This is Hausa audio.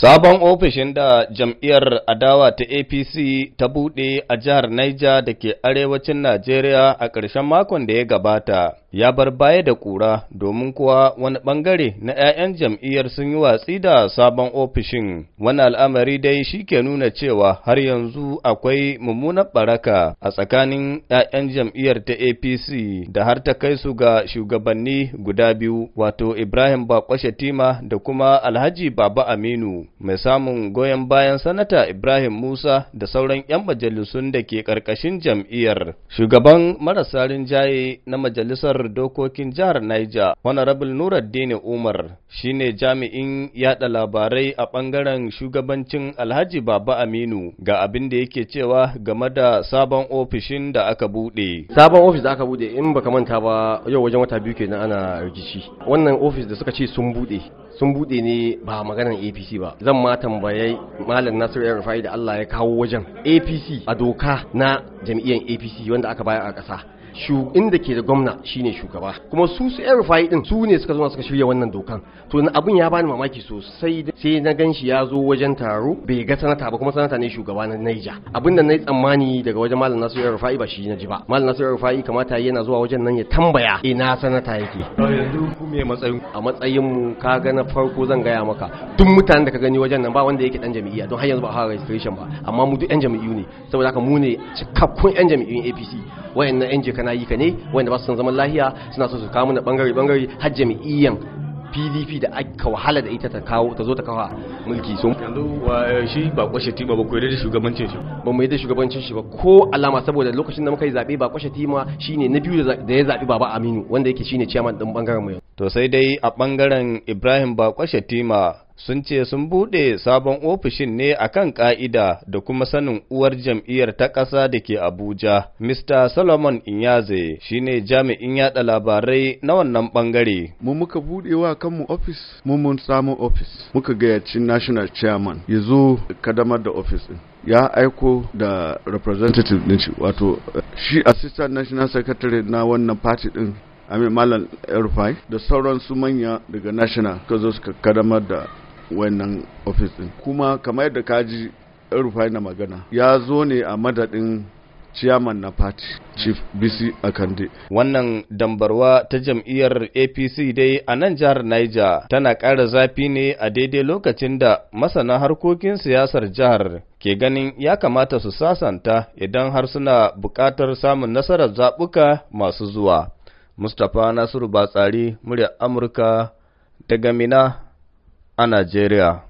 Sabon ofishin da jam'iyyar adawa ta APC ta buɗe a jihar Niger da ke arewacin Najeriya a ƙarshen makon da ya gabata ya bar baya da ƙura domin kuwa wani ɓangare na 'ya'yan jam'iyyar sun yi watsi da sabon ofishin. Wani al'amari dai shi ke nuna cewa har yanzu akwai mummunar baraka a tsakanin 'ya'yan jam'iyyar ta APC da har ta kai su ga shugabanni guda biyu wato Ibrahim Bakwa Shatima da kuma Alhaji Baba Aminu. mai samun goyon bayan sanata Ibrahim Musa da sauran 'yan majalisun da ke ƙarƙashin jam'iyyar. Shugaban marasa rinjaye na majalisar dokokin jihar Niger, Honorable Nuruddin Umar, shi ne jami'in yada labarai a ɓangaren shugabancin Alhaji Baba Aminu ga abin da yake cewa game da sabon ofishin da aka buɗe. Sabon ofis da aka buɗe in baka manta ba yau wajen wata biyu kenan ana rikici. Wannan ofis da suka ce sun buɗe, sun buɗe ne ba maganar APC ba. zan ma tambaye malam nasiru yan rufai da allah ya kawo wajen apc a doka na jam'iyyar apc wanda aka bayar a ƙasa inda ke da gwamna shi ne shugaba kuma su su yan rufai din su ne suka zo suka shirya wannan dokan to abin ya bani mamaki sosai sai na gan shi ya zo wajen taro bai ga sanata ba kuma sanata ne shugaba na Naija abin da na yi tsammani daga wajen malam Nasiru Rufa'i ba shi na ji ba malam Nasiru Rufa'i kamata yana zuwa wajen nan ya tambaya ina sanata yake yanzu ku me matsayin a matsayin mu ka ga na farko zan gaya maka duk mutanen da ka gani wajen nan ba wanda yake dan jami'a don har yanzu ba fara registration ba amma mu duk yan jami'u ne saboda haka mu ne cikakkun yan jami'un APC wayannan yan jikana yi ka ne wayanda ba su san zaman lahiya suna so su kawo mana bangare bangare har jami'iyyan pdp da aka wahala da ita ta kawo ta zo ta kawo mulki so yanzu wa eh, shi ba kwashe tima ba ko da shugabancin shi ba mu yi da shugabancin shi ba ko alama saboda lokacin da muka yi zabe ba kwashe tima shine na biyu da ya zabi baba aminu wanda yake shine chairman din bangaren mu to sai dai a bangaren ibrahim ba kwashe tima sun ce sun buɗe sabon ofishin ne a kan ƙa'ida da kuma sanin uwar jam'iyyar ta ƙasa da ke Abuja. Mr. Solomon Inyaze shine jami'in yaɗa labarai na wannan ɓangare. Mu muka buɗe wa kanmu ofis, mu mun samu ofis. Muka gayyaci National Chairman ya zo kadamar da ofis ɗin. ya aiko da representative din shi wato shi assistant national secretary na wannan party din amin malam rufai da sauran su manya daga national ka zo suka kadamar da wannan ofis din kuma kamar yadda kaji rufai na magana ya zo ne a madadin ciyaman na party chief bc akande wannan dambarwa ta jam'iyyar apc dai a nan jihar niger tana ƙara zafi ne a daidai lokacin da masana harkokin siyasar jihar ke ganin ya kamata su sasanta idan har suna buƙatar samun nasarar zaɓuka masu zuwa mustapha nasiru batsari murya amurka daga mina a Najeriya.